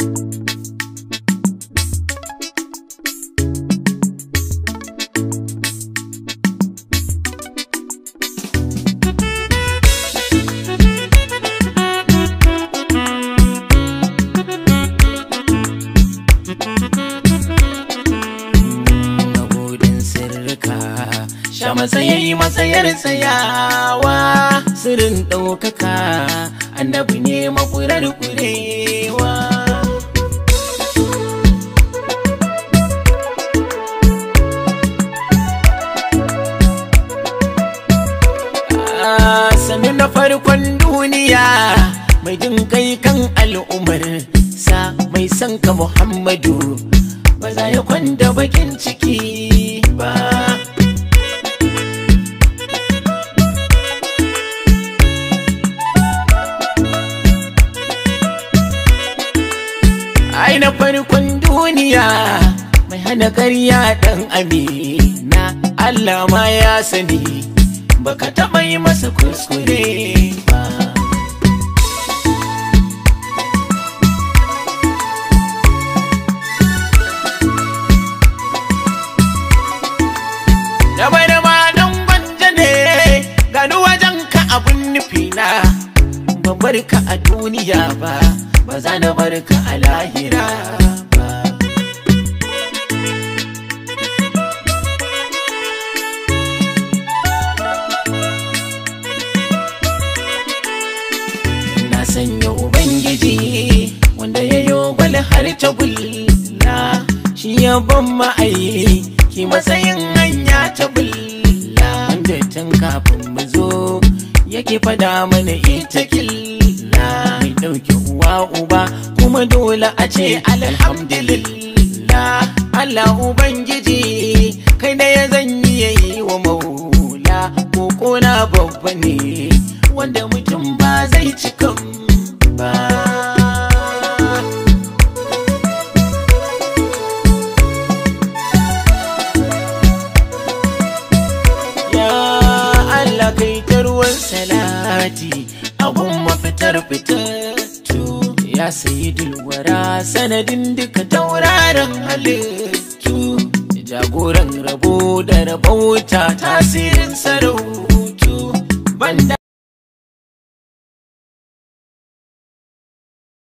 sha matsayayi matsayar tsayawa sirrin ɗaukaka annabi ne makurar kuri farkon duniya mai jin kai kan al'umar sa mai son ka muhammadu ba za ya kwanda bakin ciki ba ai na farkon duniya mai hana karya dan amina Allah ma ya sani baka taɓa yi masa kuskure ba da bai da malam gwanja ne gani wajen ka abun nufi na ban bar ka a duniya ba ba za na bar ka a lahira sanya ubangiji wanda ya yi gwal har ta shi ya ban ma'ayi ki matsayin hanya ta bulla wanda tun kafin mu zo yake fada mana ita killa mai ɗauke uwa uba kuma dole a ce alhamdulillah Allah ubangiji kai da ya zanyi yi wa maula ko kona babba ne wanda mutum ba zai cika ya Allah kai ta ruwan salati abun mafitar fitattu ya sayi dilwara sanadin duka tauraron halittu jagoran rabo da rabauta tasirin sarautu banda